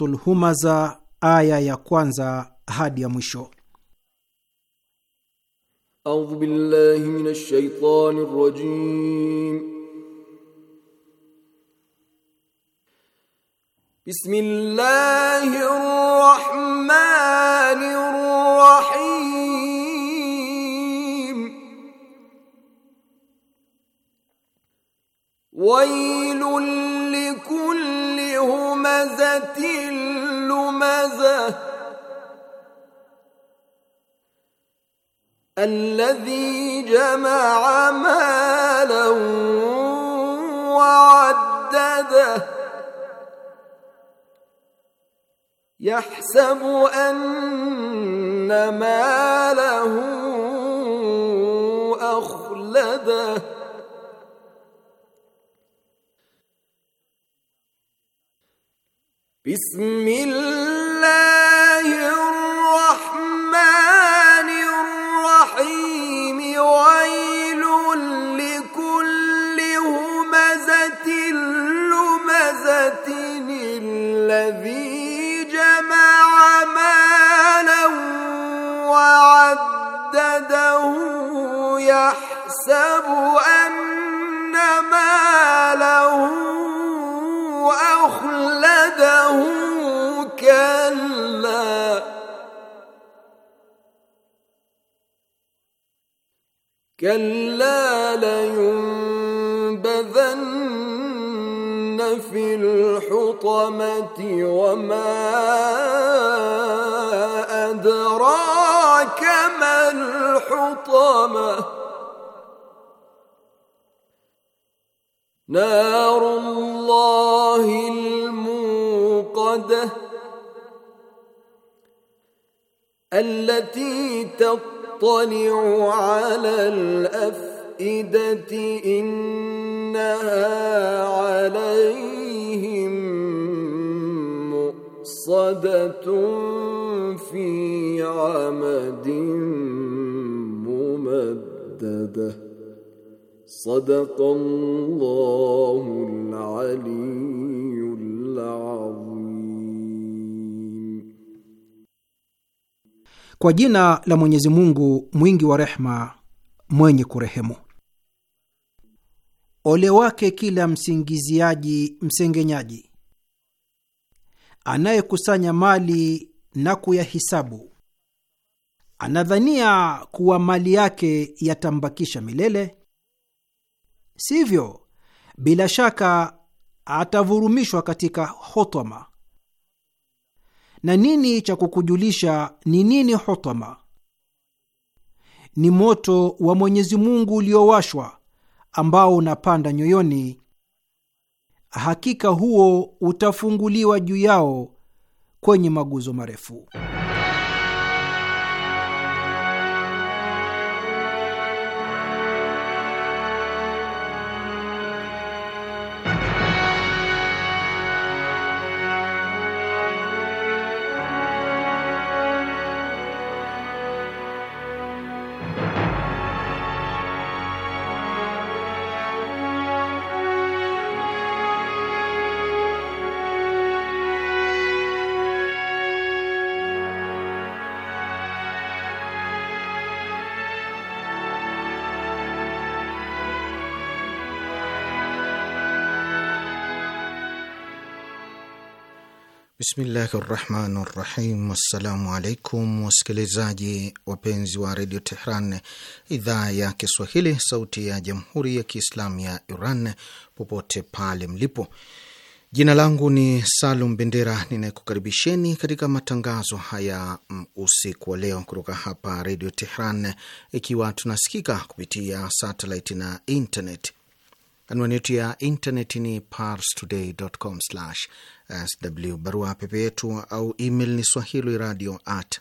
Suratul Humaza, aya ya kwanza hadi ya mwisho. Audhu billahi minash shaitani Bismillahir rahmanir مردده يحسب أن ماله أخلده بسم الله الرحمن الذي جمع مالا وعدده يحسب أن ماله أخلده كلا كلا لينبغن في الحطمة وما أدراك ما الحطمة نار الله الموقدة التي تطلع على الأفئدة إنها عليه في عمد ممددة صدق الله العلي العظيم Kwa jina la Mwenyezi Mungu mwingi wa rehma mwenye kurehemu. Ole wake kila msingiziaji msengenyaji anayekusanya mali na kuyahisabu, anadhania kuwa mali yake yatambakisha milele. Sivyo, bila shaka atavurumishwa katika hotoma. Na nini cha kukujulisha ni nini hotoma? Ni moto wa Mwenyezi Mungu uliowashwa ambao unapanda nyoyoni hakika huo utafunguliwa juu yao kwenye maguzo marefu. Bismillahi rahmani rahim. Wassalamu alaikum wasikilizaji wapenzi wa redio Tehran, idhaa ya Kiswahili, sauti ya jamhuri ya kiislamu ya Iran, popote pale mlipo. Jina langu ni Salum Bendera ninayekukaribisheni katika matangazo haya usiku wa leo kutoka hapa redio Tehran, ikiwa tunasikika kupitia satelit na internet. Anwani yetu ya intaneti ni parstoday.com/sw. Barua pepe yetu au email ni swahili radio at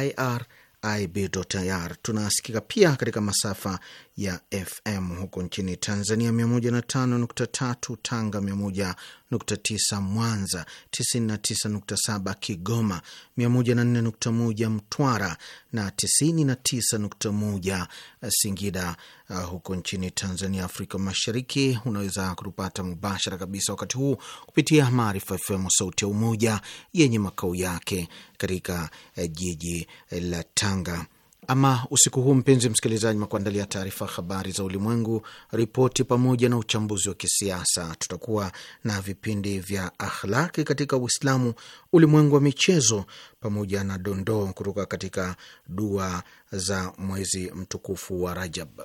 irib.ir. Tunasikika pia katika masafa ya FM huko nchini Tanzania, 105.3 Tanga, 101.9 Mwanza, 99.7 Kigoma, 104.1 Mtwara na 99.1 Singida. Uh, huko nchini Tanzania, Afrika Mashariki, unaweza kutupata mubashara kabisa wakati huu kupitia Maarifa FM, sauti ya Umoja, yenye makao yake katika uh, jiji eh, la Tanga. Ama usiku huu, mpenzi msikilizaji, makuandalia taarifa habari za ulimwengu, ripoti pamoja na uchambuzi wa kisiasa. Tutakuwa na vipindi vya akhlaki katika Uislamu, ulimwengu wa michezo, pamoja na dondoo kutoka katika dua za mwezi mtukufu wa Rajab.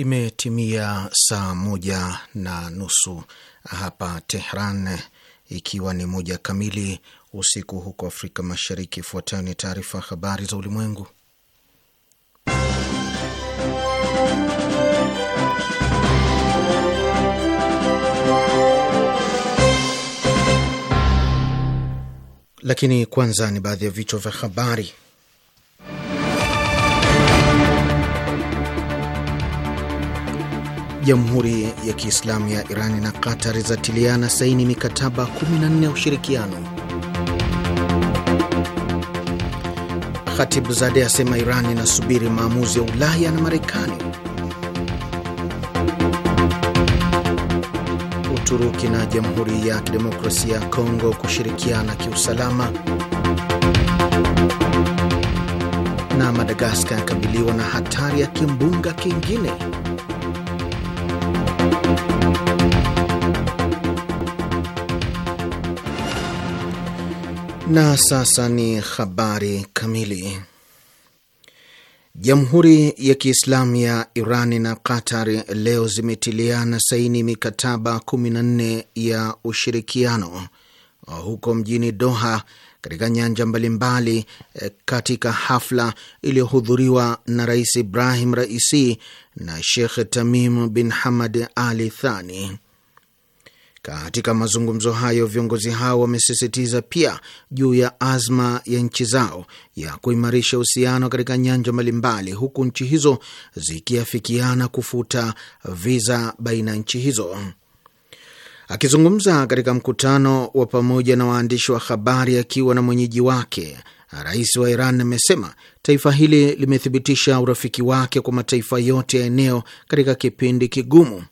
Imetimia saa moja na nusu hapa Tehran, ikiwa ni moja kamili usiku huko Afrika Mashariki. Ifuatayo ni taarifa habari za ulimwengu, lakini kwanza ni baadhi ya vichwa vya habari. Jamhuri ya Kiislamu ya Irani na Qatar zatiliana saini mikataba 14 ya ushirikiano. zade asema iran inasubiri maamuzi ya Ulaya na Marekani. Uturuki na Jamhuri ya Kidemokrasia ya Kongo kushirikiana kiusalama. Na Madagaskar yakabiliwa na hatari ya kimbunga kingine. Na sasa ni habari kamili. Jamhuri ya Kiislamu ya iran na Qatar leo zimetiliana saini mikataba 14 ya ushirikiano huko mjini Doha katika nyanja mbalimbali mbali, eh, katika hafla iliyohudhuriwa na Rais Ibrahim Raisi na Shekh Tamim bin Hamad Ali Thani. Katika mazungumzo hayo viongozi hao wamesisitiza pia juu ya azma ya nchi zao ya kuimarisha uhusiano katika nyanja mbalimbali, huku nchi hizo zikiafikiana kufuta viza baina ya nchi hizo. Akizungumza katika mkutano wa pamoja na waandishi wa habari akiwa na mwenyeji wake, rais wa Iran amesema taifa hili limethibitisha urafiki wake kwa mataifa yote ya eneo katika kipindi kigumu.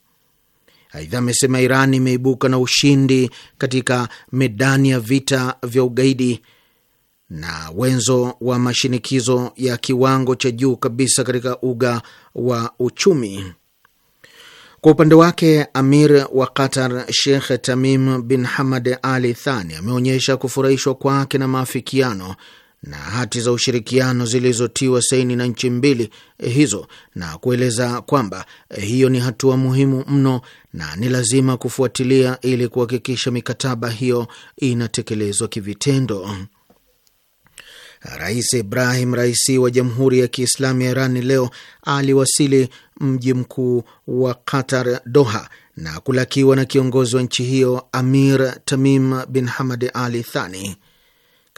Aidha, amesema Iran imeibuka na ushindi katika medani ya vita vya ugaidi na wenzo wa mashinikizo ya kiwango cha juu kabisa katika uga wa uchumi. Kwa upande wake Amir wa Qatar Sheikh Tamim bin Hamad Ali Thani ameonyesha kufurahishwa kwake na maafikiano na hati za ushirikiano zilizotiwa saini na nchi mbili eh, hizo na kueleza kwamba eh, hiyo ni hatua muhimu mno na ni lazima kufuatilia ili kuhakikisha mikataba hiyo inatekelezwa kivitendo. Rais Ibrahim Raisi wa Jamhuri ya Kiislamu ya Iran leo aliwasili mji mkuu wa Qatar, Doha, na kulakiwa na kiongozi wa nchi hiyo Amir Tamim bin Hamad Ali Thani.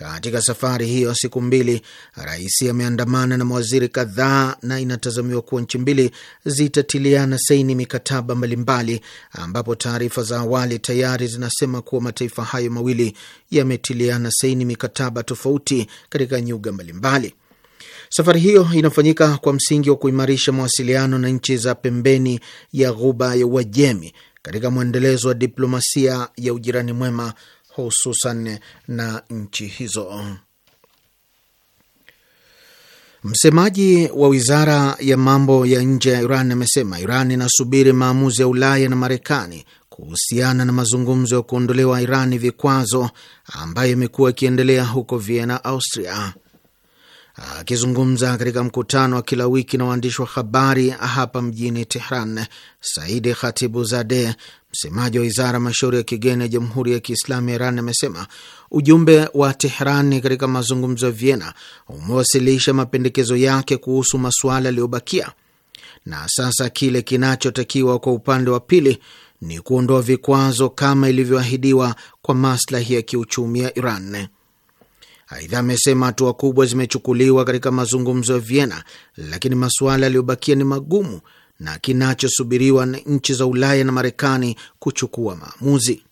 Katika safari hiyo ya siku mbili, rais ameandamana na mawaziri kadhaa, na inatazamiwa kuwa nchi mbili zitatiliana saini mikataba mbalimbali, ambapo taarifa za awali tayari zinasema kuwa mataifa hayo mawili yametiliana saini mikataba tofauti katika nyuga mbalimbali. Safari hiyo inafanyika kwa msingi wa kuimarisha mawasiliano na nchi za pembeni ya ghuba ya Uajemi katika mwendelezo wa diplomasia ya ujirani mwema hususan na nchi hizo. Msemaji wa wizara ya mambo ya nje ya Iran amesema Iran inasubiri maamuzi ya Ulaya na Marekani kuhusiana na mazungumzo ya kuondolewa Irani vikwazo ambayo imekuwa ikiendelea huko Vienna, Austria. Akizungumza katika mkutano wa kila wiki na waandishi wa habari hapa mjini Tehran, Saidi Khatibu Zade, Msemaji wa wizara mashauri ya kigeni ya Jamhuri ya Kiislamu ya Iran amesema ujumbe wa Teherani katika mazungumzo ya Vienna umewasilisha mapendekezo yake kuhusu masuala yaliyobakia, na sasa kile kinachotakiwa kwa upande wa pili ni kuondoa vikwazo kama ilivyoahidiwa kwa maslahi ya kiuchumi ya Iran. Aidha, amesema hatua kubwa zimechukuliwa katika mazungumzo ya Vienna, lakini masuala yaliyobakia ni magumu na kinachosubiriwa na nchi za Ulaya na Marekani kuchukua maamuzi.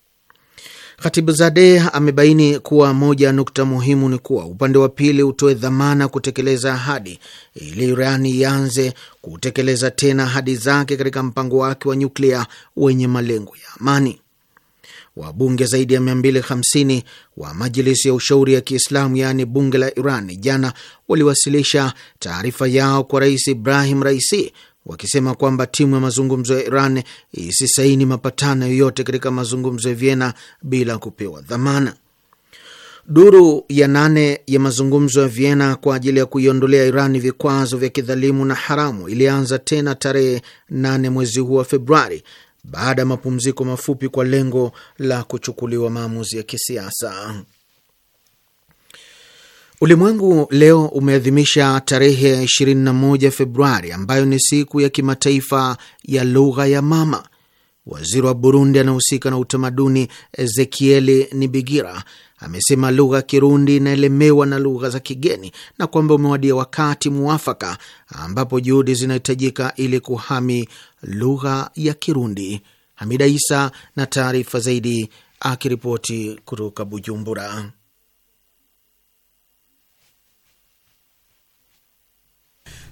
Khatibzadeh amebaini kuwa moja ya nukta muhimu ni kuwa upande wa pili utoe dhamana kutekeleza ahadi ili iran ianze kutekeleza tena ahadi zake katika mpango wake wa nyuklia wenye malengo ya amani. Wabunge zaidi ya 250 wa Majilisi ya Ushauri ya Kiislamu, yaani bunge la Iran, jana waliwasilisha taarifa yao kwa Rais Ibrahim Raisi wakisema kwamba timu ya mazungumzo ya Iran isisaini mapatano yoyote katika mazungumzo ya Vienna bila kupewa dhamana. Duru ya nane ya mazungumzo ya Vienna kwa ajili ya kuiondolea Iran vikwazo vya kidhalimu na haramu ilianza tena tarehe nane mwezi huu wa Februari baada ya mapumziko mafupi kwa lengo la kuchukuliwa maamuzi ya kisiasa. Ulimwengu leo umeadhimisha tarehe ya 21 Februari ambayo ni siku ya kimataifa ya lugha ya mama. Waziri wa Burundi anahusika na utamaduni Ezekieli Nibigira amesema lugha ya Kirundi inaelemewa na lugha za kigeni na kwamba umewadia wakati mwafaka ambapo juhudi zinahitajika ili kuhami lugha ya Kirundi. Hamida Isa na taarifa zaidi akiripoti kutoka Bujumbura.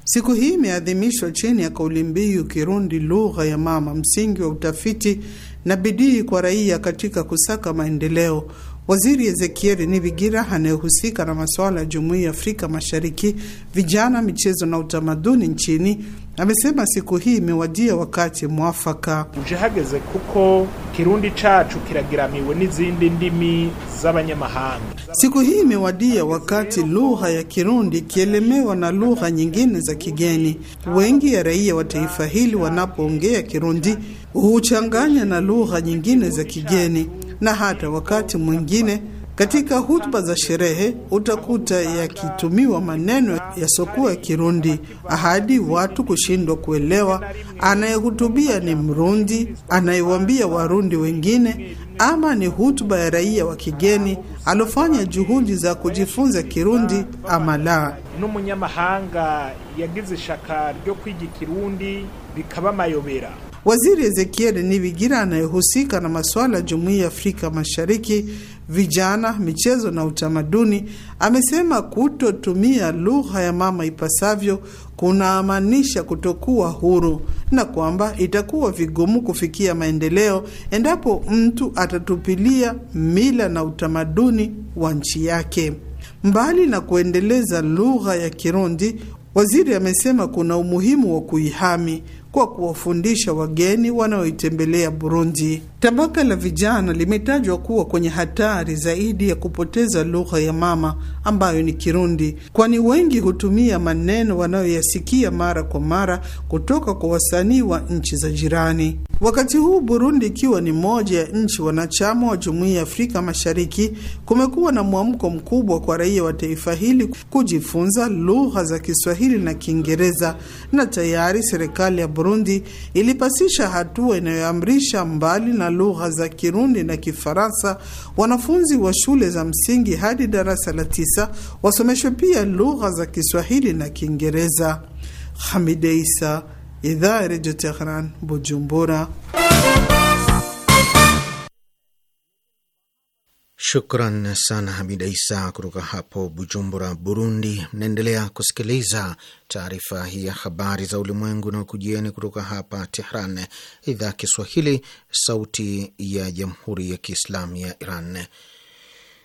Siku hii imeadhimishwa chini ya kauli mbiu Kirundi lugha ya mama, msingi wa utafiti na bidii kwa raia katika kusaka maendeleo, Waziri Ezekieli Nibigira anayehusika na masuala ya Jumuiya ya Afrika Mashariki, vijana, michezo na utamaduni nchini amesema siku hii imewadia wakati mwafaka uje hageze kuko kirundi chacu kiragiramiwe n'izindi ndimi z'abanyamahanga. Siku hii imewadia wakati lugha ya Kirundi ikielemewa na lugha nyingine za kigeni. Wengi ya raia wa taifa hili wanapoongea Kirundi huchanganya na lugha nyingine za kigeni na hata wakati mwingine katika hutuba za sherehe utakuta yakitumiwa maneno yasiokuwa Kirundi ahadi watu kushindwa kuelewa anayehutubia ni Mrundi anayewambia Warundi wengine, ama ni hutuba ya raia wa kigeni alofanya juhudi za kujifunza Kirundi ama la. N'umunyamahanga yagize ishaka ryo kwiga Kirundi bikaba mayobera Waziri Ezekiel vigira anayehusika na masuala ya Jumuiya ya Afrika Mashariki, vijana, michezo na utamaduni amesema kutotumia lugha ya mama ipasavyo kunaamanisha kutokuwa huru na kwamba itakuwa vigumu kufikia maendeleo endapo mtu atatupilia mila na utamaduni wa nchi yake. Mbali na kuendeleza lugha ya Kirundi, waziri amesema kuna umuhimu wa kuihami kwa kuwafundisha wageni wanaoitembelea Burundi. Tabaka la vijana limetajwa kuwa kwenye hatari zaidi ya kupoteza lugha ya mama ambayo ni Kirundi, kwani wengi hutumia maneno wanayoyasikia mara kwa mara kutoka kwa wasanii wa nchi za jirani. Wakati huu Burundi ikiwa ni moja ya nchi wanachama wa Jumuiya ya Afrika Mashariki, kumekuwa na mwamko mkubwa kwa raia wa taifa hili kujifunza lugha za Kiswahili na Kiingereza, na tayari serikali ya Burundi Burundi ilipasisha hatua inayoamrisha mbali na lugha za Kirundi na Kifaransa, wanafunzi wa shule za msingi hadi darasa la tisa wasomeshwe pia lugha za Kiswahili na Kiingereza. Hamide Isa, Idhaa ya Redio Tehran, Bujumbura. Shukran sana Hamida Isa kutoka hapo Bujumbura, Burundi. Mnaendelea kusikiliza taarifa hii ya habari za ulimwengu na ukujieni kutoka hapa Tehran, idhaa Kiswahili, sauti ya jamhuri ya kiislamu ya Iran.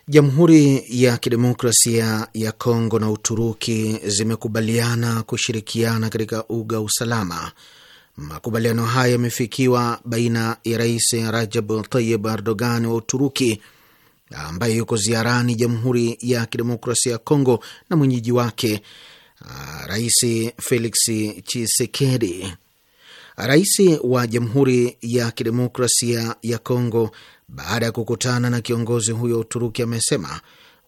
Jamhuri ya kidemokrasia ya Kongo na Uturuki zimekubaliana kushirikiana katika uga usalama. Makubaliano haya yamefikiwa baina ya Rais Rajab Tayyip Erdogan wa Uturuki ambaye yuko ziarani Jamhuri ya Kidemokrasia ya Kongo na mwenyeji wake ah, Rais Felix Tshisekedi. Rais wa Jamhuri ya Kidemokrasia ya Kongo, baada ya kukutana na kiongozi huyo wa Uturuki, amesema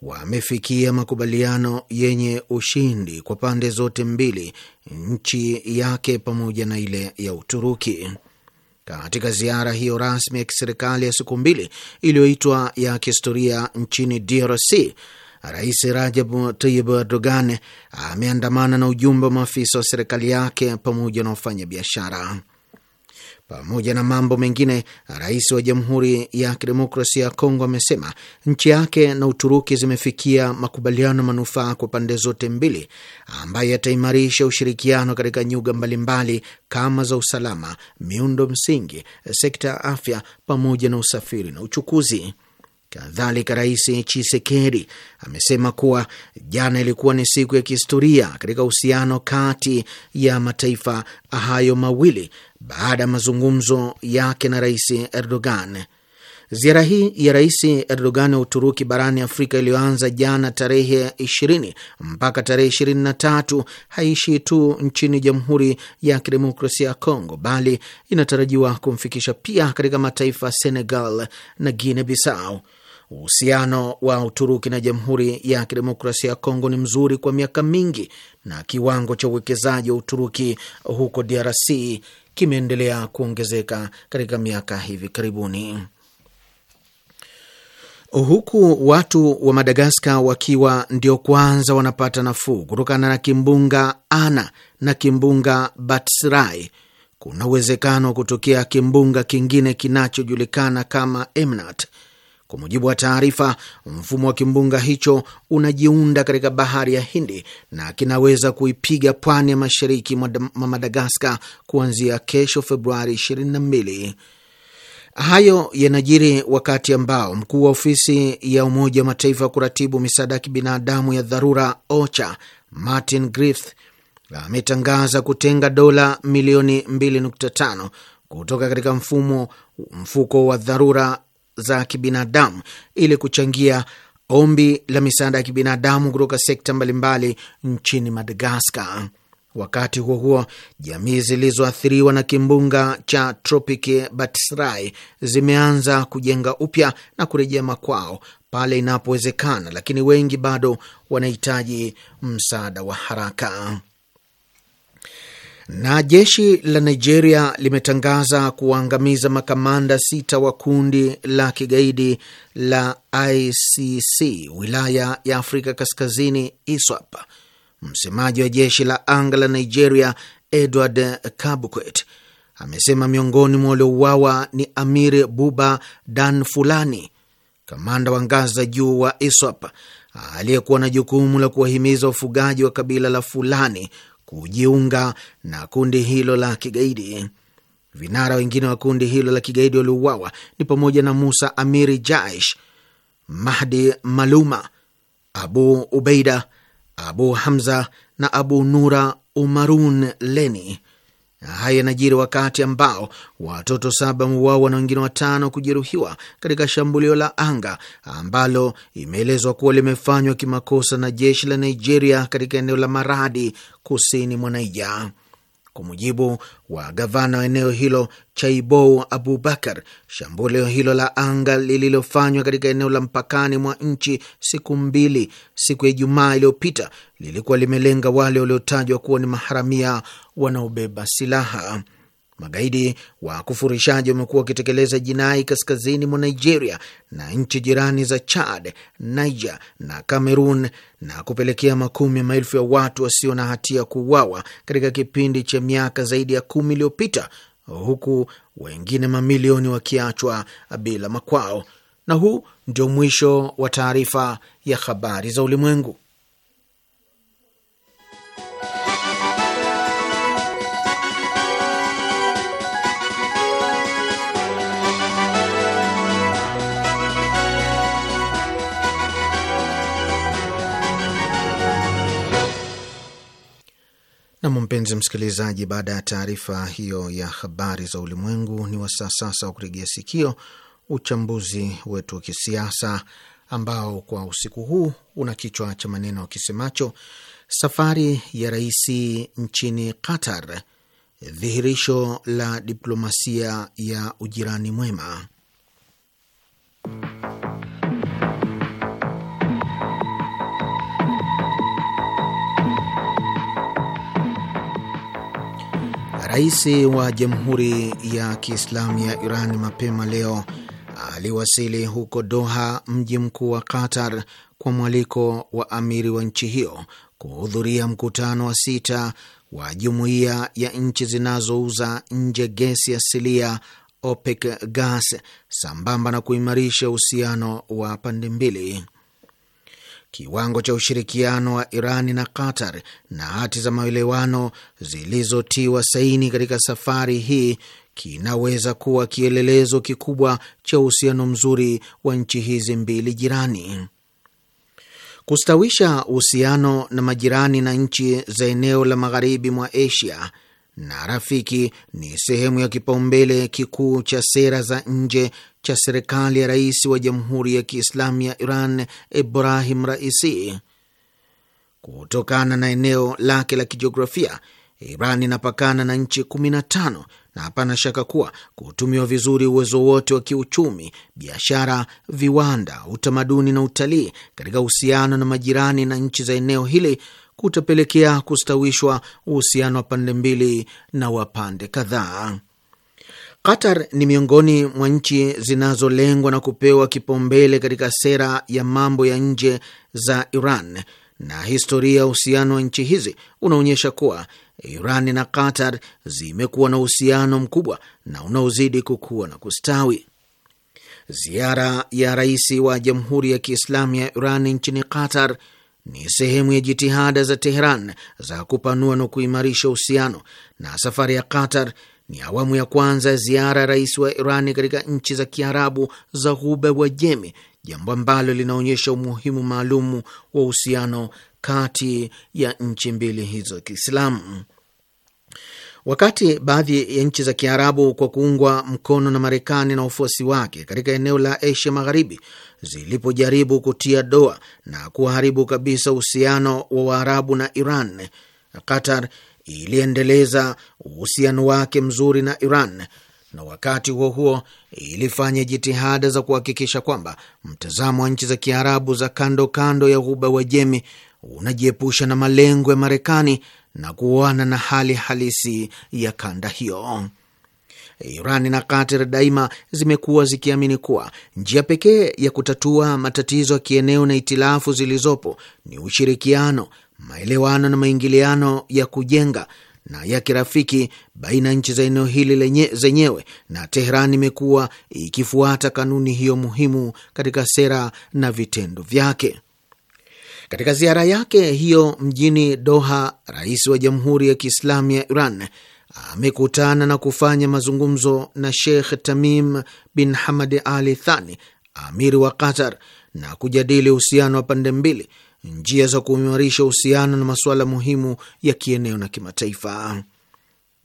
wamefikia makubaliano yenye ushindi kwa pande zote mbili, nchi yake pamoja na ile ya Uturuki. Katika ziara hiyo rasmi ya kiserikali ya siku mbili iliyoitwa ya kihistoria nchini DRC, Rais Rajab Tayib Erdogan ameandamana na ujumbe wa maafisa wa serikali yake pamoja na wafanyabiashara. Pamoja na mambo mengine, rais wa Jamhuri ya Kidemokrasia ya Kongo amesema nchi yake na Uturuki zimefikia makubaliano ya manufaa kwa pande zote mbili ambayo yataimarisha ushirikiano katika nyuga mbalimbali kama za usalama, miundo msingi, sekta ya afya, pamoja na usafiri na uchukuzi. Kadhalika, Rais Chisekedi amesema kuwa jana ilikuwa ni siku ya kihistoria katika uhusiano kati ya mataifa hayo mawili baada ya mazungumzo yake na Rais Erdogan. Ziara hii ya Rais Erdogan ya Uturuki barani Afrika iliyoanza jana tarehe 20 mpaka tarehe 23 haishi tu nchini Jamhuri ya Kidemokrasia ya Kongo, bali inatarajiwa kumfikisha pia katika mataifa Senegal na Guinea Bissau. Uhusiano wa Uturuki na Jamhuri ya Kidemokrasia ya Kongo ni mzuri kwa miaka mingi na kiwango cha uwekezaji wa Uturuki huko DRC kimeendelea kuongezeka katika miaka hivi karibuni. Huku watu wa Madagaskar wakiwa ndio kwanza wanapata nafuu kutokana na kimbunga Ana na kimbunga Batsirai, kuna uwezekano wa kutokea kimbunga kingine kinachojulikana kama Emnat kwa mujibu wa taarifa, mfumo wa kimbunga hicho unajiunda katika bahari ya Hindi na kinaweza kuipiga pwani ya mashariki mwa Madagaskar kuanzia kesho Februari 22. Hayo yanajiri wakati ambao mkuu wa ofisi ya Umoja wa Mataifa kuratibu misaada ya kibinadamu ya dharura OCHA Martin Griffiths ametangaza kutenga dola milioni 2.5 kutoka katika mfumo mfuko wa dharura za kibinadamu ili kuchangia ombi la misaada ya kibinadamu kutoka sekta mbalimbali nchini Madagaskar. Wakati huo huo, jamii zilizoathiriwa na kimbunga cha tropiki Batsirai zimeanza kujenga upya na kurejea makwao pale inapowezekana, lakini wengi bado wanahitaji msaada wa haraka. Na jeshi la Nigeria limetangaza kuwaangamiza makamanda sita wa kundi la kigaidi la ICC wilaya ya Afrika Kaskazini ISWAP. Msemaji wa jeshi la anga la Nigeria Edward Kabukwet amesema miongoni mwa waliouawa ni Amir Buba Dan Fulani, kamanda wa ngazi za juu wa ISWAP aliyekuwa na jukumu la kuwahimiza wafugaji wa kabila la Fulani kujiunga na kundi hilo la kigaidi. Vinara wengine wa kundi hilo la kigaidi waliouawa ni pamoja na Musa Amiri Jaish, Mahdi Maluma, Abu Ubeida, Abu Hamza na Abu Nura Umarun Leni. Haya yanajiri wakati ambao watoto saba wameuawa na wengine watano kujeruhiwa katika shambulio la anga ambalo imeelezwa kuwa limefanywa kimakosa na jeshi la Nigeria katika eneo la Maradi kusini mwa Naija. Kwa mujibu wa gavana wa eneo hilo Chaibou Abubakar, shambulio hilo la anga lililofanywa katika eneo la mpakani mwa nchi siku mbili, siku ya Ijumaa iliyopita, lilikuwa limelenga wale waliotajwa kuwa ni maharamia wanaobeba silaha. Magaidi wa kufurishaji wamekuwa wakitekeleza jinai kaskazini mwa Nigeria na nchi jirani za Chad, Niger na Cameroon na kupelekea makumi ya maelfu ya watu wasio na hatia kuuawa katika kipindi cha miaka zaidi ya kumi iliyopita, huku wengine mamilioni wakiachwa bila makwao. Na huu ndio mwisho wa taarifa ya habari za ulimwengu. Nam, mpenzi msikilizaji, baada ya taarifa hiyo ya habari za ulimwengu, ni wasaa sasa wa kurigia sikio uchambuzi wetu wa kisiasa ambao kwa usiku huu una kichwa cha maneno kisemacho safari ya rais nchini Qatar, dhihirisho la diplomasia ya ujirani mwema. Rais wa Jamhuri ya Kiislamu ya Iran mapema leo aliwasili huko Doha, mji mkuu wa Qatar, kwa mwaliko wa amiri wa nchi hiyo kuhudhuria mkutano wa sita wa jumuiya ya nchi zinazouza nje gesi asilia OPEC Gas, sambamba na kuimarisha uhusiano wa pande mbili kiwango cha ushirikiano wa Irani na Qatar na hati za maelewano zilizotiwa saini katika safari hii kinaweza kuwa kielelezo kikubwa cha uhusiano mzuri wa nchi hizi mbili jirani. Kustawisha uhusiano na majirani na nchi za eneo la magharibi mwa Asia na rafiki ni sehemu ya kipaumbele kikuu cha sera za nje cha serikali ya rais wa Jamhuri ya Kiislamu ya Iran Ibrahim Raisi. Kutokana na eneo lake la kijiografia, Iran inapakana na nchi 15 na hapana shaka kuwa kutumiwa vizuri uwezo wote wa kiuchumi, biashara, viwanda, utamaduni na utalii katika uhusiano na majirani na nchi za eneo hili kutapelekea kustawishwa uhusiano wa pande mbili na wa pande kadhaa. Qatar ni miongoni mwa nchi zinazolengwa na kupewa kipaumbele katika sera ya mambo ya nje za Iran, na historia ya uhusiano wa nchi hizi unaonyesha kuwa Iran na Qatar zimekuwa na uhusiano mkubwa na unaozidi kukua na kustawi. Ziara ya rais wa Jamhuri ya Kiislamu ya Iran nchini Qatar ni sehemu ya jitihada za Teheran za kupanua na kuimarisha uhusiano, na safari ya Qatar ni awamu ya kwanza ya ziara ya rais wa Irani katika nchi za Kiarabu za Ghuba Jemi, jambo ambalo linaonyesha umuhimu maalum wa uhusiano kati ya nchi mbili hizo Kiislamu. Wakati baadhi ya nchi za Kiarabu kwa kuungwa mkono na Marekani na wafuasi wake katika eneo la Asia Magharibi zilipojaribu kutia doa na kuharibu kabisa uhusiano wa Waarabu na Iran, Qatar iliendeleza uhusiano wake mzuri na Iran na wakati huo huo ilifanya jitihada za kuhakikisha kwamba mtazamo wa nchi za Kiarabu za kando kando ya Ghuba Wajemi unajiepusha na malengo ya Marekani na kuoana na hali halisi ya kanda hiyo. Iran na Qatar daima zimekuwa zikiamini kuwa njia pekee ya kutatua matatizo ya kieneo na itilafu zilizopo ni ushirikiano, maelewano na maingiliano ya kujenga na ya kirafiki baina ya nchi za eneo hili zenyewe, na Tehran imekuwa ikifuata kanuni hiyo muhimu katika sera na vitendo vyake. Katika ziara yake hiyo mjini Doha, rais wa Jamhuri ya Kiislamu ya Iran amekutana na kufanya mazungumzo na Sheikh Tamim bin Hamad Ali Thani, amiri wa Qatar, na kujadili uhusiano wa pande mbili, njia za kuimarisha uhusiano na masuala muhimu ya kieneo na kimataifa.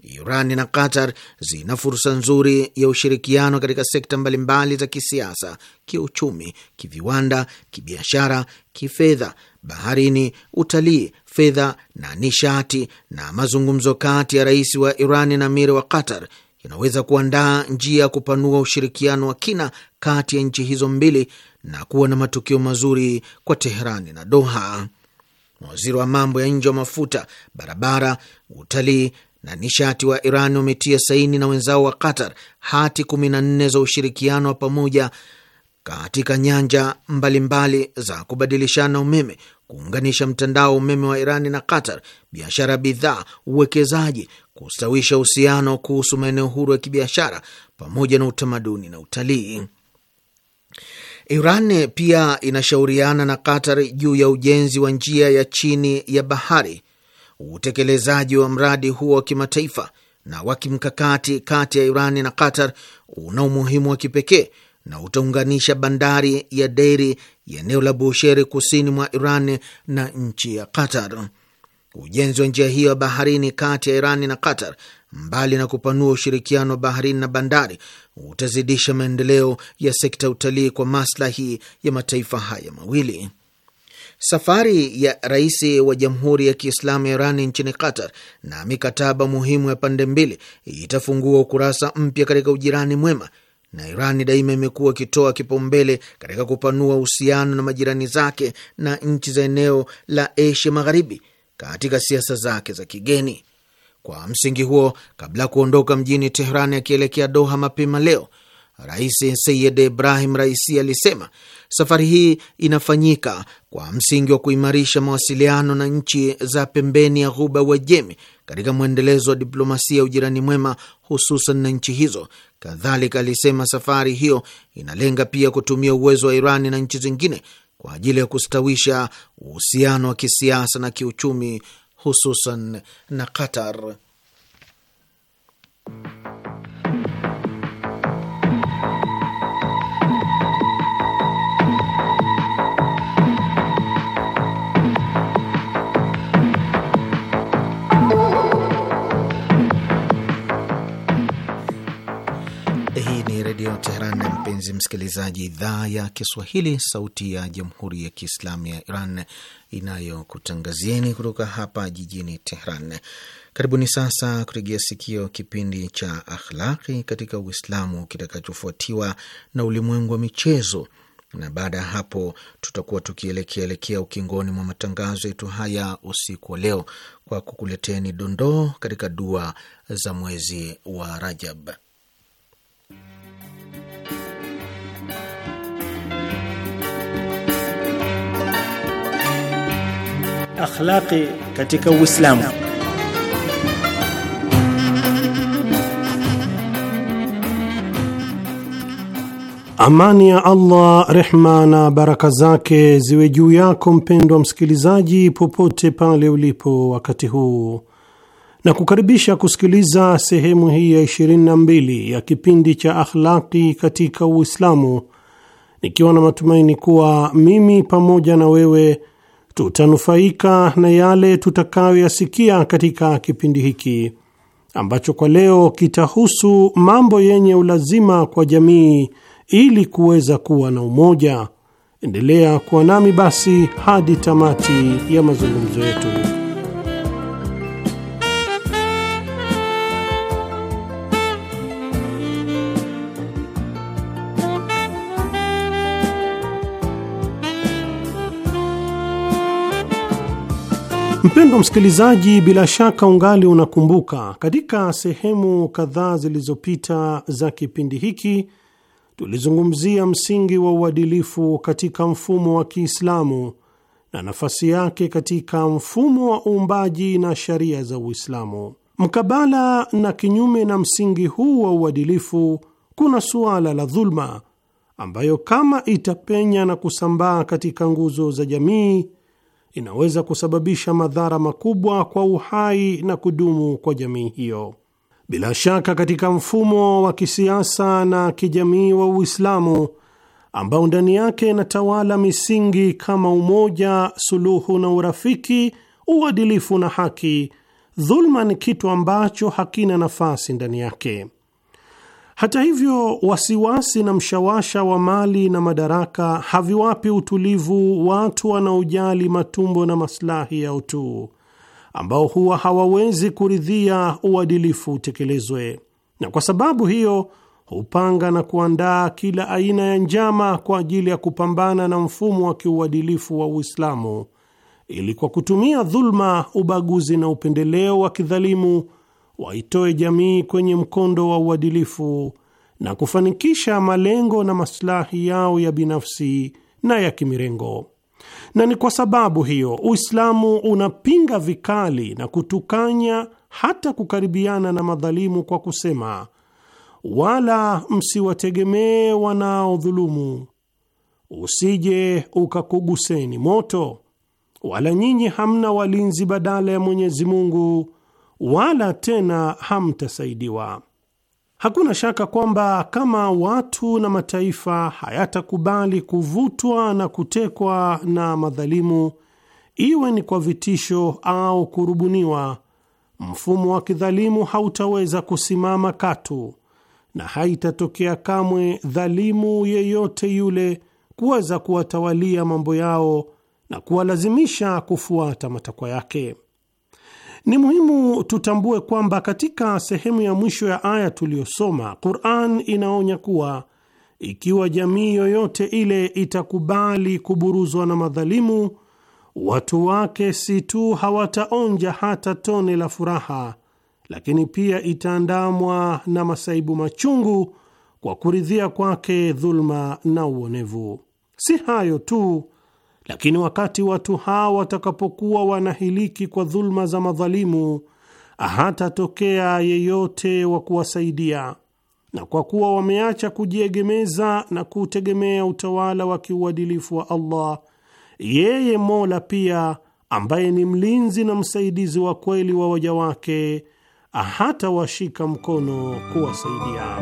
Iran na Qatar zina fursa nzuri ya ushirikiano katika sekta mbalimbali za kisiasa, kiuchumi, kiviwanda, kibiashara, kifedha, baharini, utalii, fedha na nishati na mazungumzo kati ya rais wa Iran na Amir wa Qatar yanaweza kuandaa njia ya kupanua ushirikiano wa kina kati ya nchi hizo mbili na kuwa na matukio mazuri kwa Teherani na Doha. Mawaziri wa mambo ya nje wa mafuta, barabara, utalii na nishati wa Iran wametia saini na wenzao wa Qatar hati 14 za ushirikiano wa pamoja katika nyanja mbalimbali mbali za kubadilishana umeme, kuunganisha mtandao wa umeme wa Irani na Qatar, biashara ya bidhaa, uwekezaji, kustawisha uhusiano kuhusu maeneo huru ya kibiashara, pamoja na utamaduni na utalii. Iran pia inashauriana na Qatar juu ya ujenzi wa njia ya chini ya bahari, utekelezaji wa mradi huo wa kimataifa na wa kimkakati kati ya Irani na Qatar una umuhimu wa kipekee na utaunganisha bandari ya Deiri ya eneo la busheri kusini mwa Iran na nchi ya Qatar. Ujenzi wa njia hiyo ya baharini kati ya Iran na Qatar, mbali na kupanua ushirikiano wa baharini na bandari, utazidisha maendeleo ya sekta ya utalii kwa maslahi ya mataifa haya mawili. Safari ya rais wa Jamhuri ya Kiislamu ya Irani nchini Qatar na mikataba muhimu ya pande mbili itafungua ukurasa mpya katika ujirani mwema na Irani daima imekuwa ikitoa kipaumbele katika kupanua uhusiano na majirani zake na nchi za eneo la Asia Magharibi katika siasa zake za kigeni. Kwa msingi huo, kabla ya kuondoka mjini Teherani akielekea Doha mapema leo, Rais Seyed Ibrahim Raisi alisema Safari hii inafanyika kwa msingi wa kuimarisha mawasiliano na nchi za pembeni ya Ghuba Wajemi katika mwendelezo wa diplomasia ya ujirani mwema, hususan na nchi hizo. Kadhalika alisema safari hiyo inalenga pia kutumia uwezo wa Irani na nchi zingine kwa ajili ya kustawisha uhusiano wa kisiasa na kiuchumi, hususan na Qatar. mpenzi msikilizaji, idhaa ya Kiswahili sauti ya jamhuri ya Kiislamu ya Iran inayokutangazieni kutoka hapa jijini Tehran. Karibuni sasa kutegea sikio kipindi cha Akhlaqi katika Uislamu kitakachofuatiwa na ulimwengu wa michezo, na baada ya hapo tutakuwa tukielekeaelekea ukingoni mwa matangazo yetu haya usiku wa leo kwa kukuleteni dondoo katika dua za mwezi wa Rajab. akhlaqi katika Uislamu. Amani ya Allah, rehma na baraka zake ziwe juu yako mpendwa msikilizaji, popote pale ulipo wakati huu, na kukaribisha kusikiliza sehemu hii ya 22 ya kipindi cha akhlaqi katika Uislamu, nikiwa na matumaini kuwa mimi pamoja na wewe tutanufaika na yale tutakayoyasikia katika kipindi hiki ambacho kwa leo kitahusu mambo yenye ulazima kwa jamii ili kuweza kuwa na umoja. Endelea kuwa nami basi hadi tamati ya mazungumzo yetu. Mpendwa msikilizaji, bila shaka ungali unakumbuka katika sehemu kadhaa zilizopita za kipindi hiki tulizungumzia msingi wa uadilifu katika mfumo wa Kiislamu na nafasi yake katika mfumo wa uumbaji na sharia za Uislamu. Mkabala na kinyume na msingi huu wa uadilifu, kuna suala la dhulma ambayo kama itapenya na kusambaa katika nguzo za jamii inaweza kusababisha madhara makubwa kwa uhai na kudumu kwa jamii hiyo. Bila shaka, katika mfumo wa kisiasa na kijamii wa Uislamu ambao ndani yake inatawala misingi kama umoja, suluhu na urafiki, uadilifu na haki, dhulma ni kitu ambacho hakina nafasi ndani yake. Hata hivyo, wasiwasi na mshawasha wa mali na madaraka haviwapi utulivu watu wanaojali matumbo na maslahi yao tu, ambao huwa hawawezi kuridhia uadilifu utekelezwe, na kwa sababu hiyo hupanga na kuandaa kila aina ya njama kwa ajili ya kupambana na mfumo wa kiuadilifu wa Uislamu ili kwa kutumia dhulma, ubaguzi na upendeleo wa kidhalimu waitoe jamii kwenye mkondo wa uadilifu na kufanikisha malengo na maslahi yao ya binafsi na ya kimirengo. Na ni kwa sababu hiyo Uislamu unapinga vikali na kutukanya hata kukaribiana na madhalimu kwa kusema, wala msiwategemee wanaodhulumu, usije ukakuguseni moto, wala nyinyi hamna walinzi badala ya Mwenyezi Mungu wala tena hamtasaidiwa. Hakuna shaka kwamba kama watu na mataifa hayatakubali kuvutwa na kutekwa na madhalimu, iwe ni kwa vitisho au kurubuniwa, mfumo wa kidhalimu hautaweza kusimama katu, na haitatokea kamwe dhalimu yeyote yule kuweza kuwatawalia mambo yao na kuwalazimisha kufuata matakwa yake. Ni muhimu tutambue kwamba katika sehemu ya mwisho ya aya tuliyosoma, Qur'an inaonya kuwa ikiwa jamii yoyote ile itakubali kuburuzwa na madhalimu, watu wake si tu hawataonja hata tone la furaha, lakini pia itaandamwa na masaibu machungu kwa kuridhia kwake dhulma na uonevu. Si hayo tu lakini wakati watu hao watakapokuwa wanahiliki kwa dhuluma za madhalimu, hatatokea yeyote wa kuwasaidia, na kwa kuwa wameacha kujiegemeza na kutegemea utawala wa kiuadilifu wa Allah, yeye Mola pia ambaye ni mlinzi na msaidizi wa kweli wa waja wake, hatawashika mkono kuwasaidia.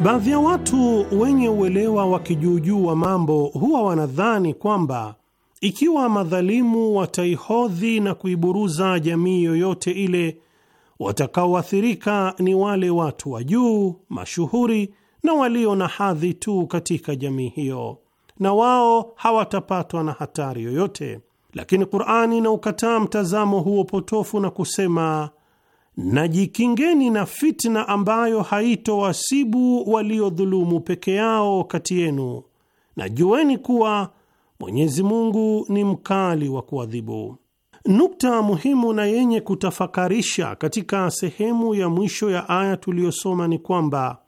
Baadhi ya watu wenye uelewa wa kijuujuu wa mambo huwa wanadhani kwamba ikiwa madhalimu wataihodhi na kuiburuza jamii yoyote ile, watakaoathirika ni wale watu wa juu, mashuhuri na walio na hadhi tu katika jamii hiyo, na wao hawatapatwa na hatari yoyote. Lakini Qur'ani inaukataa mtazamo huo potofu na kusema Najikingeni na fitna ambayo haitowasibu waliodhulumu peke yao kati yenu, na jueni kuwa Mwenyezi Mungu ni mkali wa kuadhibu. Nukta muhimu na yenye kutafakarisha katika sehemu ya mwisho ya aya tuliyosoma ni kwamba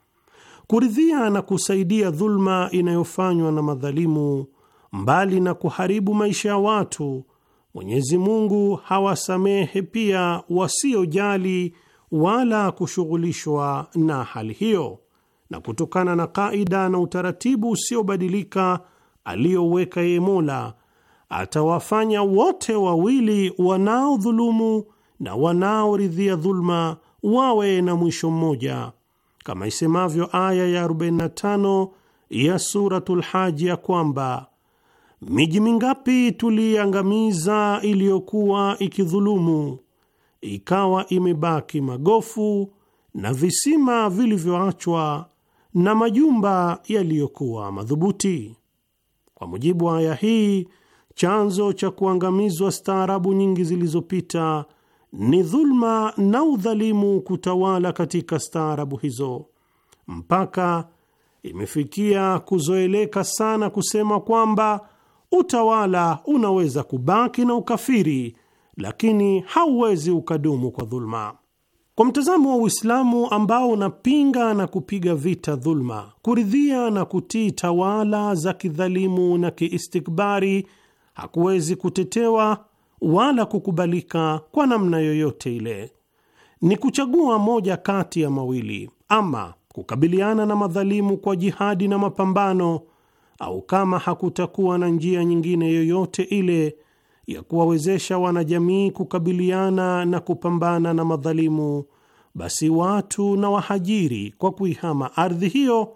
kuridhia na kusaidia dhulma inayofanywa na madhalimu, mbali na kuharibu maisha ya watu, Mwenyezi Mungu hawasamehe pia wasiojali wala kushughulishwa na hali hiyo. Na kutokana na kaida na utaratibu usiobadilika aliyoweka yeye Mola, atawafanya wote wawili wanaodhulumu na wanaoridhia dhulma wawe na mwisho mmoja, kama isemavyo aya ya 45 ya Suratul Haji ya kwamba Miji mingapi tuliiangamiza iliyokuwa ikidhulumu, ikawa imebaki magofu na visima vilivyoachwa na majumba yaliyokuwa madhubuti. Kwa mujibu wa aya hii, chanzo cha kuangamizwa staarabu nyingi zilizopita ni dhulma na udhalimu kutawala katika staarabu hizo mpaka imefikia kuzoeleka sana kusema kwamba utawala unaweza kubaki na ukafiri, lakini hauwezi ukadumu kwa dhuluma. Kwa mtazamo wa Uislamu ambao unapinga na kupiga vita dhuluma, kuridhia na kutii tawala za kidhalimu na kiistikbari hakuwezi kutetewa wala kukubalika kwa namna yoyote ile. Ni kuchagua moja kati ya mawili, ama kukabiliana na madhalimu kwa jihadi na mapambano au kama hakutakuwa na njia nyingine yoyote ile ya kuwawezesha wanajamii kukabiliana na kupambana na madhalimu, basi watu na wahajiri kwa kuihama ardhi hiyo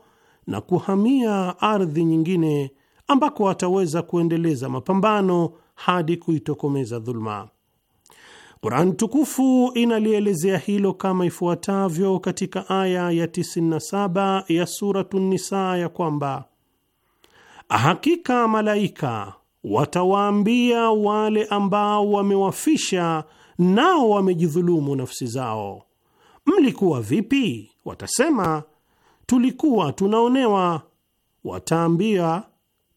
na kuhamia ardhi nyingine ambako wataweza kuendeleza mapambano hadi kuitokomeza dhuluma. Quran tukufu inalielezea hilo kama ifuatavyo katika aya ya 97 ya Suratu Nisaa ya kwamba Hakika malaika watawaambia wale ambao wamewafisha nao wamejidhulumu nafsi zao, mlikuwa vipi? Watasema, tulikuwa tunaonewa. Wataambia,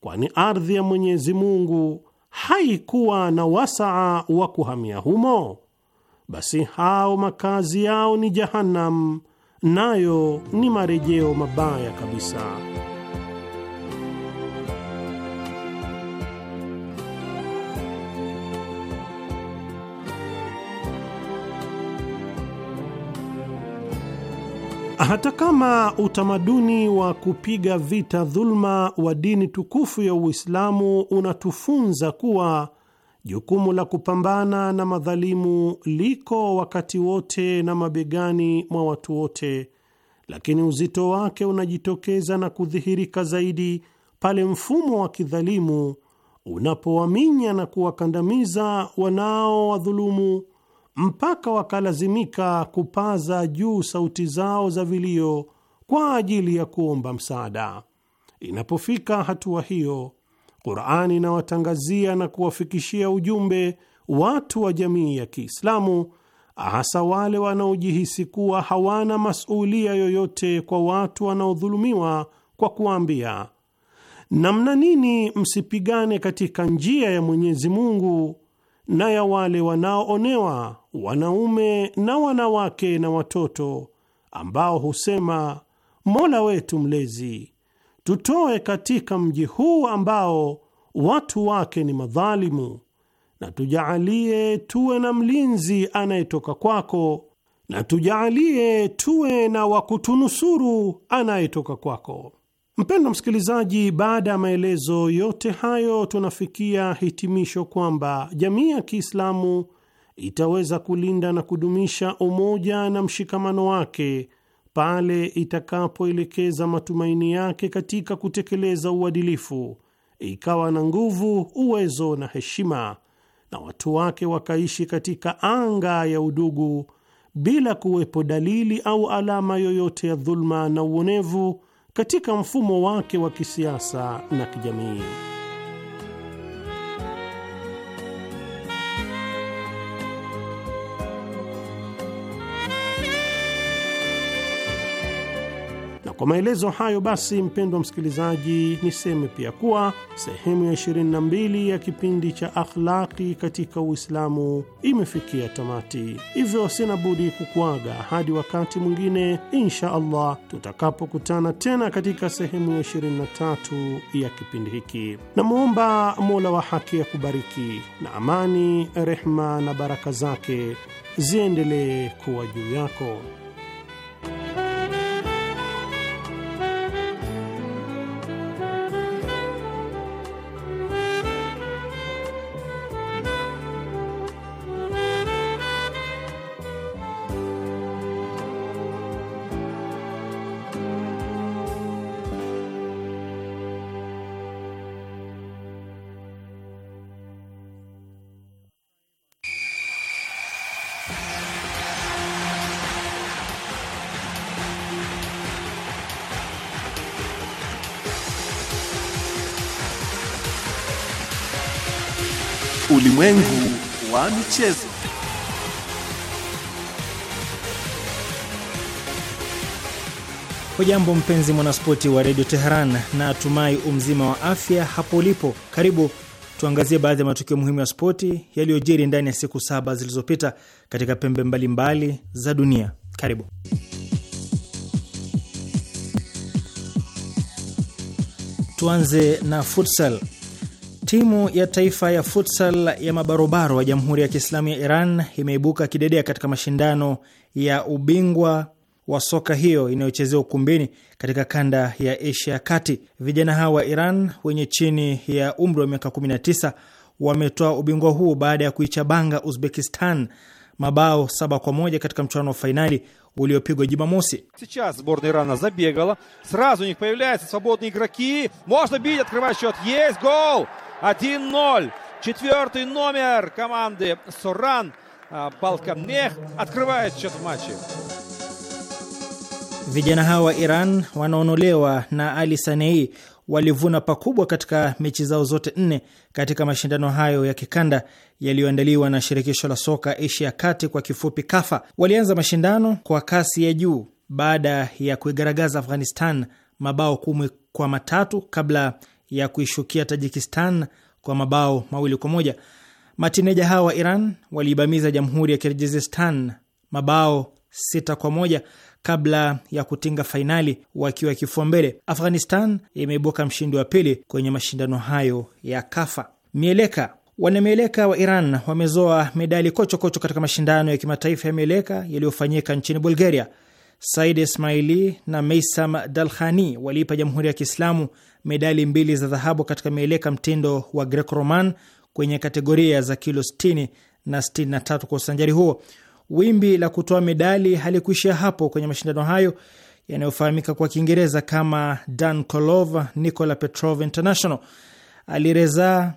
kwani ardhi ya Mwenyezi Mungu haikuwa na wasaa wa kuhamia humo? Basi hao makazi yao ni Jahannam, nayo ni marejeo mabaya kabisa. Hata kama utamaduni wa kupiga vita dhuluma wa dini tukufu ya Uislamu unatufunza kuwa jukumu la kupambana na madhalimu liko wakati wote na mabegani mwa watu wote, lakini uzito wake unajitokeza na kudhihirika zaidi pale mfumo wa kidhalimu unapowaminya na kuwakandamiza wanaowadhulumu mpaka wakalazimika kupaza juu sauti zao za vilio kwa ajili ya kuomba msaada. Inapofika hatua hiyo, Qur'ani inawatangazia na kuwafikishia ujumbe watu wa jamii ya Kiislamu, hasa wale wanaojihisi kuwa hawana masulia yoyote kwa watu wanaodhulumiwa, kwa kuwaambia namna nini msipigane katika njia ya Mwenyezi Mungu na ya wale wanaoonewa, wanaume na wanawake na watoto, ambao husema, Mola wetu Mlezi, tutoe katika mji huu ambao watu wake ni madhalimu, na tujaalie tuwe na mlinzi anayetoka kwako, na tujaalie tuwe na wakutunusuru anayetoka kwako. Mpendo msikilizaji, baada ya maelezo yote hayo, tunafikia hitimisho kwamba jamii ya Kiislamu itaweza kulinda na kudumisha umoja na mshikamano wake pale itakapoelekeza matumaini yake katika kutekeleza uadilifu, ikawa na nguvu, uwezo na heshima, na watu wake wakaishi katika anga ya udugu bila kuwepo dalili au alama yoyote ya dhuluma na uonevu katika mfumo wake wa kisiasa na kijamii. Kwa maelezo hayo basi, mpendwa msikilizaji, niseme pia kuwa sehemu ya 22 ya kipindi cha Akhlaqi katika Uislamu imefikia tamati, hivyo sina budi kukuaga hadi wakati mwingine insha Allah tutakapokutana tena katika sehemu ya 23 ya kipindi hiki. Namwomba Mola wa haki ya kubariki na amani, rehma na baraka zake ziendelee kuwa juu yako. Ulimwengu wa michezo. Hujambo mpenzi mwanaspoti wa redio Teheran na atumai umzima wa afya hapo ulipo. Karibu tuangazie baadhi ya matukio muhimu ya spoti yaliyojiri ndani ya siku saba zilizopita katika pembe mbalimbali mbali za dunia. Karibu. Tuanze na futsal. Timu ya taifa ya futsal ya mabarobaro wa Jamhuri ya Kiislamu ya Iran imeibuka kidedea katika mashindano ya ubingwa wa soka hiyo inayochezea ukumbini katika kanda ya Asia ya Kati. Vijana hawa wa Iran wenye chini ya umri wa miaka 19 wametoa ubingwa huu baada ya kuichabanga Uzbekistan mabao saba kwa moja katika mchuano wa fainali uliopigwa Jumamosi. Сейчас сборная Ирана забегала. Сразу у них появляются свободные игроки. Можно бить, открывать счет. Есть гол! 1-0. Четвертый номер команды Суран Балкамнех открывает счет в матче. Vijana hawa wa Iran wanaonolewa na Ali Sanei walivuna pakubwa katika mechi zao zote nne katika mashindano hayo ya kikanda yaliyoandaliwa na shirikisho la soka Asia Kati kwa kifupi KAFA. Walianza mashindano kwa kasi ya juu baada ya kuigaragaza Afghanistan mabao kumi kwa matatu kabla ya kuishukia Tajikistan kwa mabao mawili kwa moja. Matineja hawa wa Iran waliibamiza Jamhuri ya Kirgizistan mabao sita kwa moja kabla ya kutinga fainali wakiwa kifua mbele. Afghanistan imeibuka mshindi wa pili kwenye mashindano hayo ya Kafa. Mieleka. Wanamieleka wa Iran wamezoa medali kochokocho kocho katika mashindano ya kimataifa ya mieleka yaliyofanyika nchini Bulgaria. Said Ismaili na Meisam Dalhani waliipa Jamhuri ya Kiislamu medali mbili za dhahabu katika mieleka mtindo wa Greco-Roman kwenye kategoria za kilo 60 na 63 kwa usanjari huo. Wimbi la kutoa medali halikuishia hapo kwenye mashindano hayo yanayofahamika kwa Kiingereza kama dan kolov Nikola Petrov International. Alireza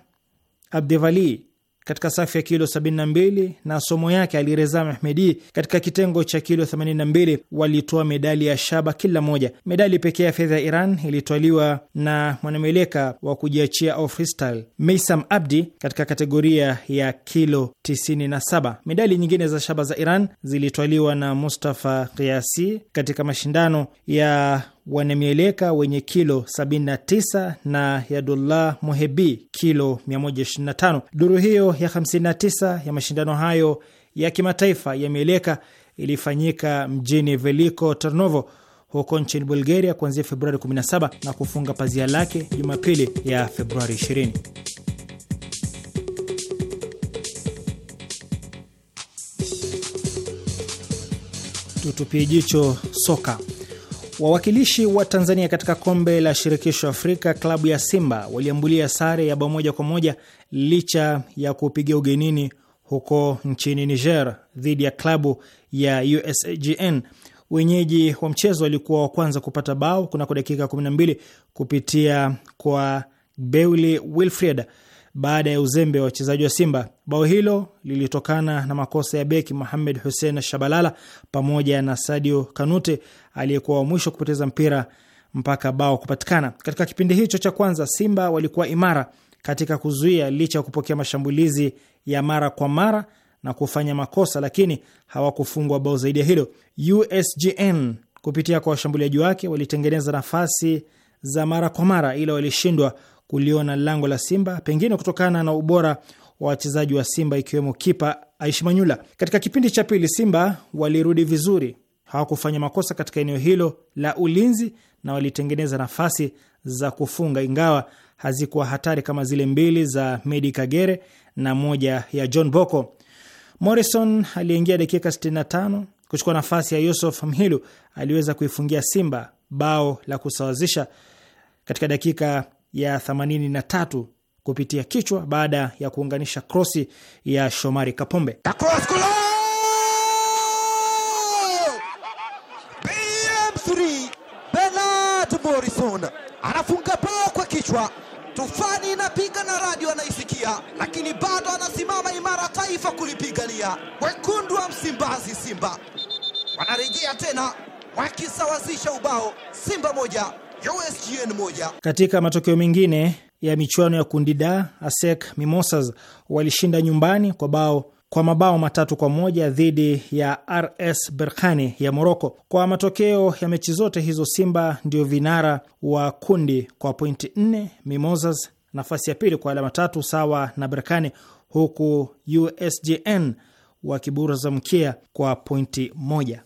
Abdevali katika safu ya kilo 72 na somo yake Alireza Mehmedi katika kitengo cha kilo 82 walitoa medali ya shaba kila moja. Medali pekee ya fedha ya Iran ilitwaliwa na mwanameleka wa kujiachia au freestyle Meisam Abdi katika kategoria ya kilo 97. Medali nyingine za shaba za Iran zilitwaliwa na Mustafa Kiasi katika mashindano ya wanamieleka wenye kilo 79 na Yadullah Muhebi kilo 125. Duru hiyo ya 59 ya mashindano hayo ya kimataifa ya mieleka ilifanyika mjini Veliko Tarnovo huko nchini Bulgaria kuanzia Februari 17 na kufunga pazia lake Jumapili ya Februari 20. Tutupie jicho soka. Wawakilishi wa Tanzania katika kombe la shirikisho Afrika, klabu ya Simba waliambulia sare ya bao moja kwa moja licha ya kupiga ugenini huko nchini Niger dhidi ya klabu ya USGN. Wenyeji wa mchezo walikuwa wa kwanza kupata bao kunako dakika 12 kupitia kwa Beuli Wilfred baada ya uzembe wa wachezaji wa Simba. Bao hilo lilitokana na makosa ya beki Mohamed Hussein Shabalala pamoja na Sadio Kanute aliyekuwa wa mwisho kupoteza mpira mpaka bao kupatikana. Katika kipindi hicho cha kwanza, Simba walikuwa imara katika kuzuia, licha ya kupokea mashambulizi ya mara kwa mara na kufanya makosa, lakini hawakufungwa bao zaidi ya hilo. USGN kupitia kwa washambuliaji wake walitengeneza nafasi za mara kwa mara, ila walishindwa kuliona lango la Simba, pengine kutokana na ubora wa wachezaji wa Simba ikiwemo kipa Aishi Manyula. Katika kipindi cha pili, Simba walirudi vizuri, hawakufanya makosa katika eneo hilo la ulinzi na walitengeneza nafasi za kufunga, ingawa hazikuwa hatari kama zile mbili za Medi Kagere na moja ya John Boko. Morrison aliingia dakika 65 kuchukua nafasi ya Yusuf Mhilu aliweza kuifungia Simba bao la kusawazisha katika dakika ya 83 kupitia kichwa baada ya kuunganisha krosi ya Shomari Kapombe. Bernard Morrison anafunga bao kwa kichwa. Tufani inapiga na radio anaisikia, lakini bado anasimama imara taifa kulipigania. Wekundu wa Msimbazi Simba wanarejea tena wakisawazisha ubao Simba moja moja. Katika matokeo mengine ya michuano ya kundi D, ASEC Mimosas walishinda nyumbani kwa bao kwa mabao matatu kwa moja dhidi ya RS Berkane ya Moroko. Kwa matokeo ya mechi zote hizo, Simba ndio vinara wa kundi kwa pointi nne, Mimosas nafasi ya pili kwa alama tatu sawa na Berkane, huku usgn wakiburuza mkia kwa pointi moja.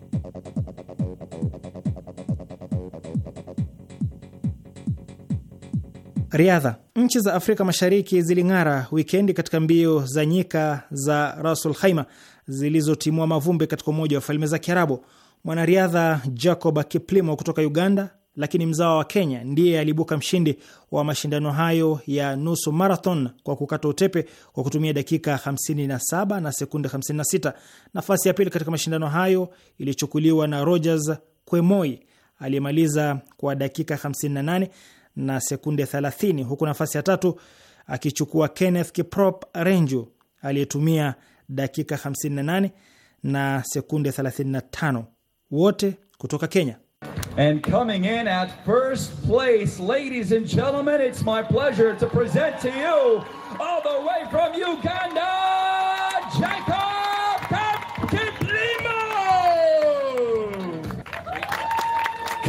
Riadha. Nchi za Afrika Mashariki ziling'ara wikendi katika mbio za nyika za Rasul Khaima zilizotimua mavumbi katika Umoja wa Falme za Kiarabu. Mwanariadha Jacob Kiplimo kutoka Uganda, lakini mzawa wa Kenya, ndiye aliibuka mshindi wa mashindano hayo ya nusu marathon kwa kukata utepe kwa kutumia dakika 57 na sekunde 56. Nafasi ya pili katika mashindano hayo ilichukuliwa na Rogers Kwemoi aliyemaliza kwa dakika 58 na sekunde 30, huku nafasi ya tatu akichukua Kenneth Kiprop Renju aliyetumia dakika 58 na sekunde 35, wote kutoka Kenya. And coming in at first place, ladies and gentlemen, it's my pleasure to present to you all the way from Uganda, Jacob Kiplimo.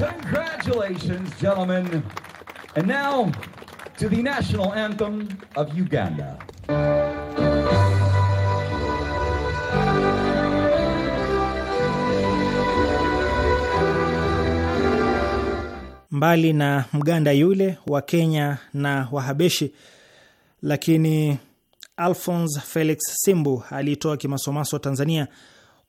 Congratulations, gentlemen. And now to the national anthem of Uganda. Mbali na Mganda yule wa Kenya na Wahabeshi, lakini Alphonse Felix Simbu alitoa kimasomaso Tanzania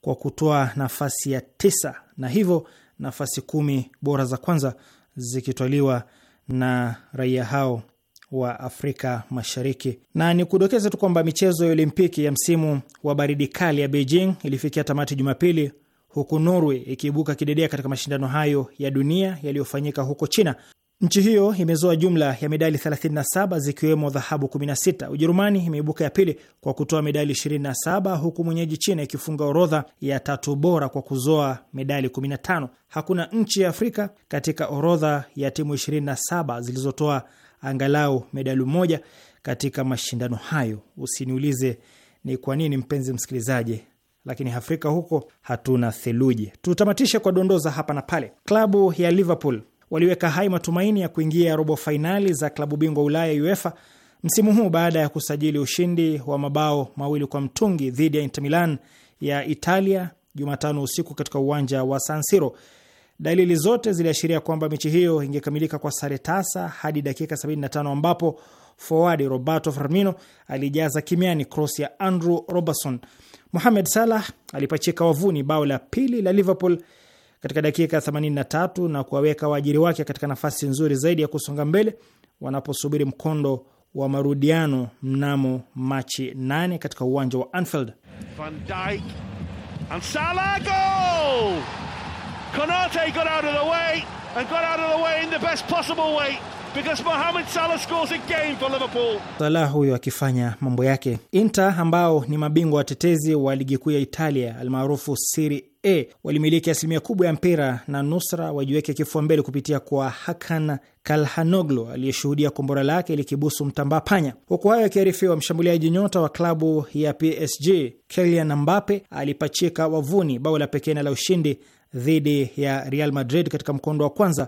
kwa kutoa nafasi ya tisa na hivyo nafasi kumi bora za kwanza zikitwaliwa na raia hao wa Afrika Mashariki. Na ni kudokeza tu kwamba michezo ya Olimpiki ya msimu wa baridi kali ya Beijing ilifikia tamati Jumapili, huku Norway ikiibuka kidedea katika mashindano hayo ya dunia yaliyofanyika huko China. Nchi hiyo imezoa jumla ya medali 37 zikiwemo dhahabu 16. Ujerumani imeibuka ya pili kwa kutoa medali 27 huku mwenyeji China ikifunga orodha ya tatu bora kwa kuzoa medali 15. Hakuna nchi ya Afrika katika orodha ya timu 27 zilizotoa angalau medali moja katika mashindano hayo. Usiniulize ni kwa nini, mpenzi msikilizaji, lakini Afrika huko hatuna theluji. Tutamatishe kwa dondoza hapa na pale. Klabu ya Liverpool waliweka hai matumaini ya kuingia robo fainali za klabu bingwa Ulaya UEFA msimu huu baada ya kusajili ushindi wa mabao mawili kwa mtungi dhidi ya Inter Milan ya Italia Jumatano usiku katika uwanja wa San Siro. Dalili zote ziliashiria kwamba mechi hiyo ingekamilika kwa sare tasa hadi dakika 75 ambapo forward Roberto Firmino alijaza kimiani cross ya Andrew Robertson. Mohamed Salah alipachika wavuni bao la pili la Liverpool katika dakika 83 na kuwaweka waajiri wake katika nafasi nzuri zaidi ya kusonga mbele wanaposubiri mkondo wa marudiano mnamo Machi 8 katika uwanja wa Anfield. Van Dijk and Salah goal! Konate got out of the way and got out of the way in the best possible way because Mohamed Salah scores again for Liverpool. Salah huyo akifanya mambo yake. Inter ambao ni mabingwa watetezi wa ligi kuu ya Italia almaarufu Serie A walimiliki asilimia kubwa ya mpira na nusra wajiweke kifua mbele kupitia kwa Hakan Kalhanoglu aliyeshuhudia kombora lake likibusu mtambaa panya. Huku hayo akiarifiwa, mshambuliaji nyota wa klabu ya PSG Kylian Mbappe alipachika wavuni bao la pekee na la ushindi dhidi ya Real Madrid katika mkondo wa kwanza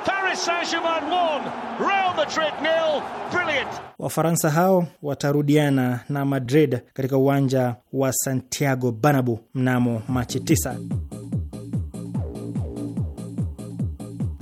Paris Saint-Germain won, Real Madrid nil. Brilliant. Wafaransa hao watarudiana na Madrid katika uwanja wa Santiago Bernabeu mnamo Machi 9.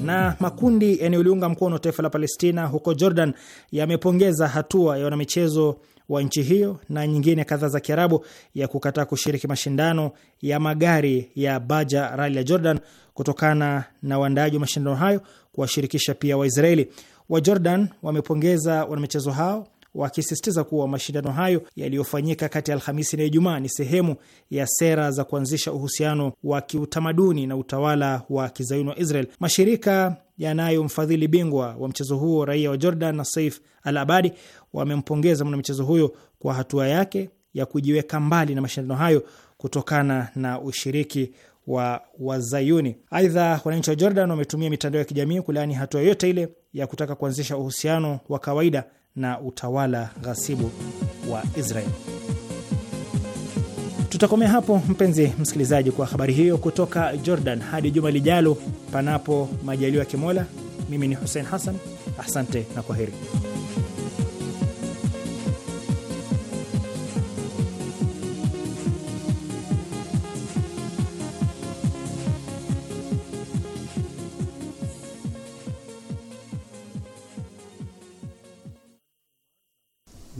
na makundi yanayoliunga mkono taifa la Palestina huko Jordan yamepongeza hatua ya wanamichezo wa nchi hiyo na nyingine kadhaa za Kiarabu ya kukataa kushiriki mashindano ya magari ya Baja rali ya Jordan kutokana na waandaaji wa mashindano hayo kuwashirikisha pia Waisraeli. Wajordan wamepongeza wanamichezo hao wakisisitiza kuwa mashindano hayo yaliyofanyika kati ya Alhamisi na Ijumaa ni sehemu ya sera za kuanzisha uhusiano wa kiutamaduni na utawala wa kizayuni wa Israel. Mashirika yanayomfadhili bingwa wa mchezo huo raia wa Jordan na Saif Al Abadi wamempongeza mwanamchezo huyo kwa hatua yake ya kujiweka mbali na mashindano hayo kutokana na ushiriki wa Wazayuni. Aidha, wananchi wa Jordan wametumia mitandao ya kijamii kulaani hatua yote ile ya kutaka kuanzisha uhusiano wa kawaida na utawala ghasibu wa Israel. Tutakomea hapo mpenzi msikilizaji, kwa habari hiyo kutoka Jordan. Hadi juma lijalo, panapo majaliwa ya Kimola. Mimi ni Hussein Hassan, asante na kwa kwaheri.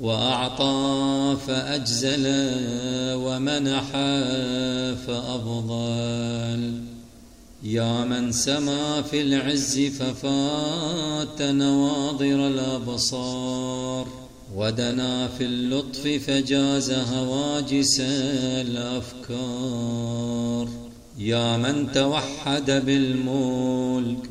وأعطى فأجزل ومنح فأفضل يا من سما في العز ففات نواضر الأبصار ودنا في اللطف فجاز هواجس الأفكار يا من توحد بالملك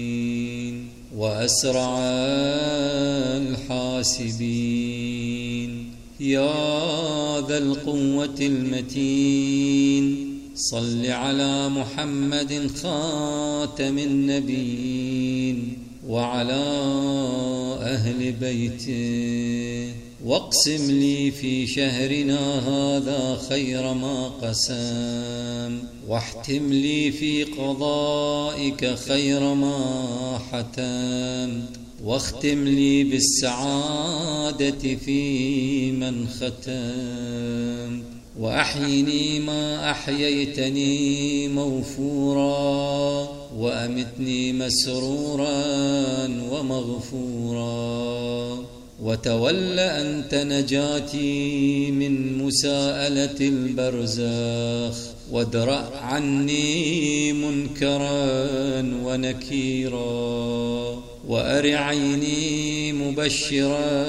وأسرع الحاسبين يا ذا القوة المتين صل على محمد خاتم النبيين وعلى أهل بيته واقسم لي في شهرنا هذا خير ما قسم واحتم لي في قضائك خير ما حتمت واختم لي بالسعادة في من ختم وأحيني ما أحييتني موفورا وأمتني مسرورا ومغفورا وتول أنت نجاتي من مساءلة البرزاخ وادرأ عني منكرا ونكيرا وأر عيني مبشرا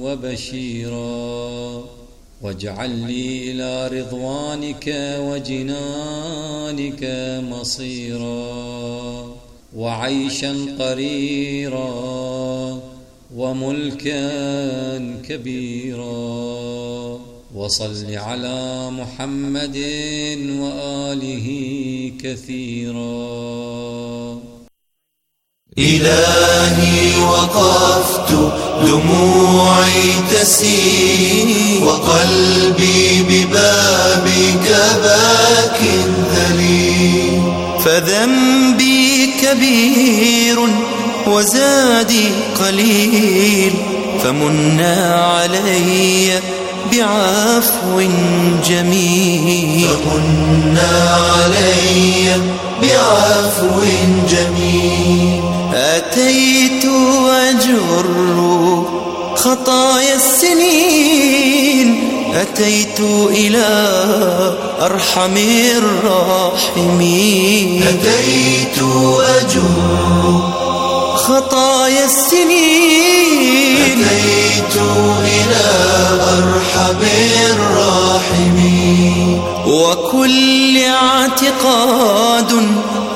وبشيرا واجعل لي إلى رضوانك وجنانك مصيرا وعيشا قريرا وملكا كبيرا وصل على محمد وآله كثيرا إلهي وقفت دموعي تسيل وقلبي ببابك باك ذليل فذنبي كبير وزادي قليل فمنا عليّ بعفو جميل فكنا علي بعفو جميل أتيت أجر خطايا السنين أتيت إلى أرحم الراحمين أتيت أجر خطايا السنين إليت إلى أرحم الراحمين وكل اعتقاد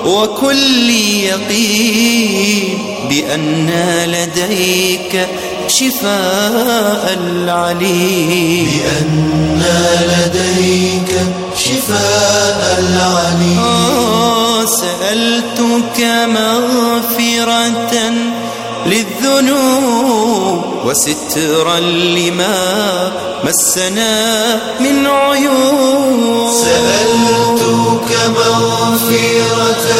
وكل يقين بأن لديك شفاء العليم بأن لديك شفاء العليم آه سألتك مغفرة للذنوب وسترا لما مسنا من عيوب سألتك مغفرة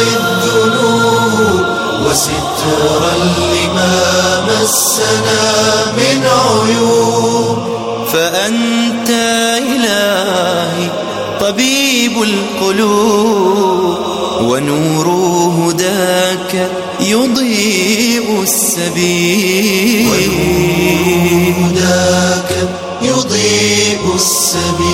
للذنوب وسترا لما مسنا من عيوب فأنت إلهي طبيب القلوب ونور هداك يضيء السبيل والهدى كم يضيء السبيل